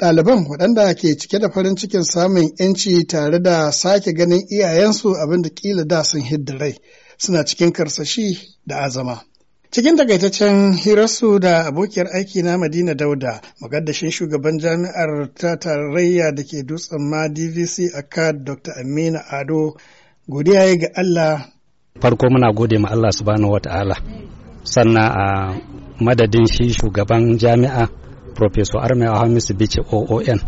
Ɗaliban waɗanda ke cike da farin cikin samun 'yanci tare da sake ganin iyayensu abinda da ƙila da sun hidda rai suna cikin karsashi da azama. Cikin takaitaccen hirarsu da abokiyar aiki na Madina Dauda, magaddashin shugaban jami'ar ta tarayya da ke dutsen ma DVC a ka Dr. Amina Ado, godiya ga Allah. Farko muna gode ma Allah subhanahu ta'ala, sannan a madadin shi shugaban jami'a Professor Arme Ahamisu Bice OON.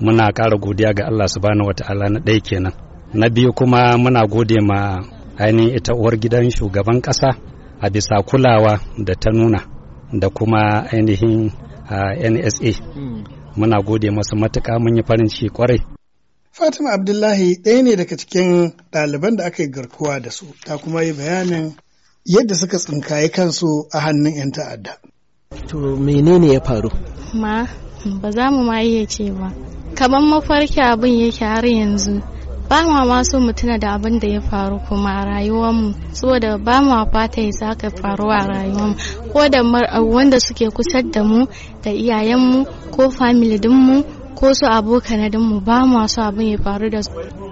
Muna ƙara godiya ga Allah subhanahu wata'ala na ɗaya kenan. Na biyu kuma muna gode ma ainihin ita uwar gidan shugaban ƙasa a bisa kulawa da ta nuna da kuma ainihin NSA. Hmm. Muna gode masu matuƙa mun yi farin ciki kwarai. Fatima Abdullahi ɗaya ne daga cikin ɗaliban da aka yi garkuwa da su, ta kuma yi bayanin yadda suka tsinkaye kansu a hannun 'yan ta'adda. to menene ya faru ma ba za mu ma iya ce ba kamar mafarki abin yake har yanzu ba ma ma so da abin da ya faru kuma a rayuwarmu saboda ba ma fata ya saka faru a rayuwarmu ko da wanda suke kusa da mu da iyayenmu ko family dinmu ko su abokanadinmu ba ma so abin ya faru da su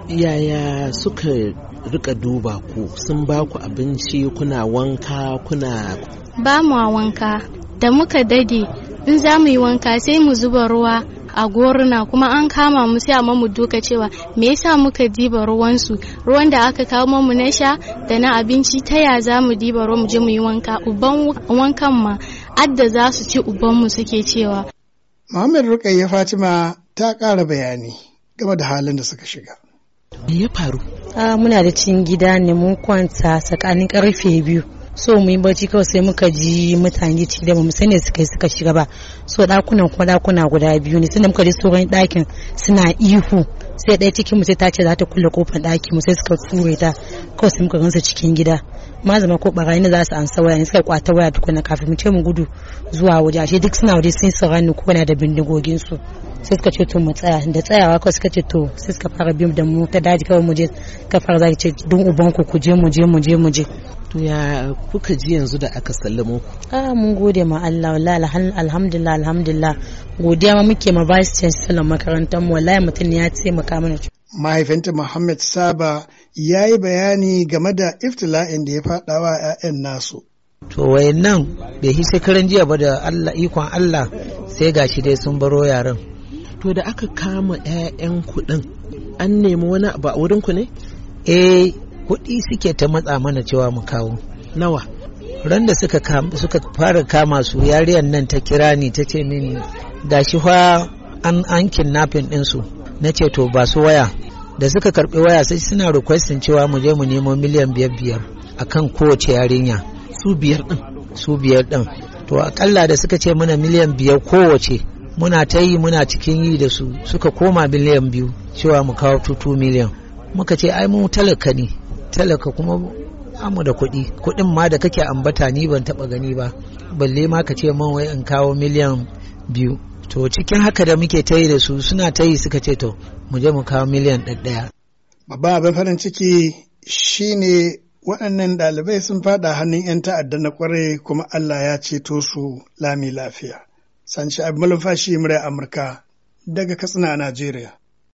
yaya suka rika duba ku sun ba ku abinci kuna wanka kuna ba mu wanka da muka dade in za mu yi wanka sai mu zuba ruwa a goruna kuma an kama mu sai amma mu duka cewa me yasa muka diba ruwan su ruwan da aka kawo mu na sha da na abinci ta ya za mu diba ruwan mu je mu yi wanka uban wankan ma adda za su ci uban mu suke cewa Muhammad Rukayya Fatima ta ƙara bayani game da halin da suka shiga me ya faru ah, muna da cin gida ne mun kwanta tsakanin karfe biyu so mu yi bacci kawai sai muka ji mutane ci da mu sani suka yi suka shiga ba so dakunan kuma dakuna guda biyu ne tunda muka ji tsoron dakin suna ihu sai ɗaya cikin mu sai ta ce za ta kulle kofar daki mu sai suka tsure ta kawai sai muka gansa cikin gida ma zama ko barayi ne za su ansa waya ne suka kwata waya tukuna kafin mu ce mu gudu zuwa waje ashe duk suna waje sun sarani kowane da bindigogin su sai suka ce to mu tsaya da tsayawa kawai suka ce to sai suka fara bin da mu ta daji kawai mu je ka fara zaki ce don uban ku ku je mu je mu je mu je to ya kuka ji yanzu da aka sallamo ku a mun gode ma Allah wallahi alhamdulillah alhamdulillah godiya ma muke ma vice chancellor makarantar mu wallahi mutun ya ce ka mana mahaifinta Muhammad Saba ya yi bayani game da iftila'in da ya faɗawa 'ya'yan nasu to wayannan bai hi shekaran jiya ba da Allah ikon Allah sai gashi dai sun baro yaran to da aka kama 'ya'yan kuɗin an nemi wani abu a wurinku ne eh kuɗi suke ta matsa mana cewa mu kawo nawa ran da suka fara kama su yariyan nan ta kira ni ta ce mini gashi fa an an kidnapping ɗinsu na ce to ba su waya da suka karbi waya sai suna requestin cewa mu je mu nemo miliyan biyar biyar akan kowace yarinya su biyar din su biyar din to akalla da suka ce mana miliyan biyar kowace muna ta yi muna cikin yi da su suka koma miliyan biyu cewa mu kawo tutu miliyan muka ce ai mu talaka ne talaka kuma amu da kuɗi kuɗin ma da kake ambata ni ban taɓa gani ba balle ma ka ce man wai in kawo miliyan biyu to cikin haka da muke ta yi da su suna ta yi suka ce to mu je mu kawo miliyan ɗaya babban abin farin ciki shine waɗannan ɗalibai sun faɗa hannun 'yan ta'adda na kwarai kuma Allah ya ceto su lami lafiya. Sanci Abmalfashi murai Amurka daga Katsina a Najeriya.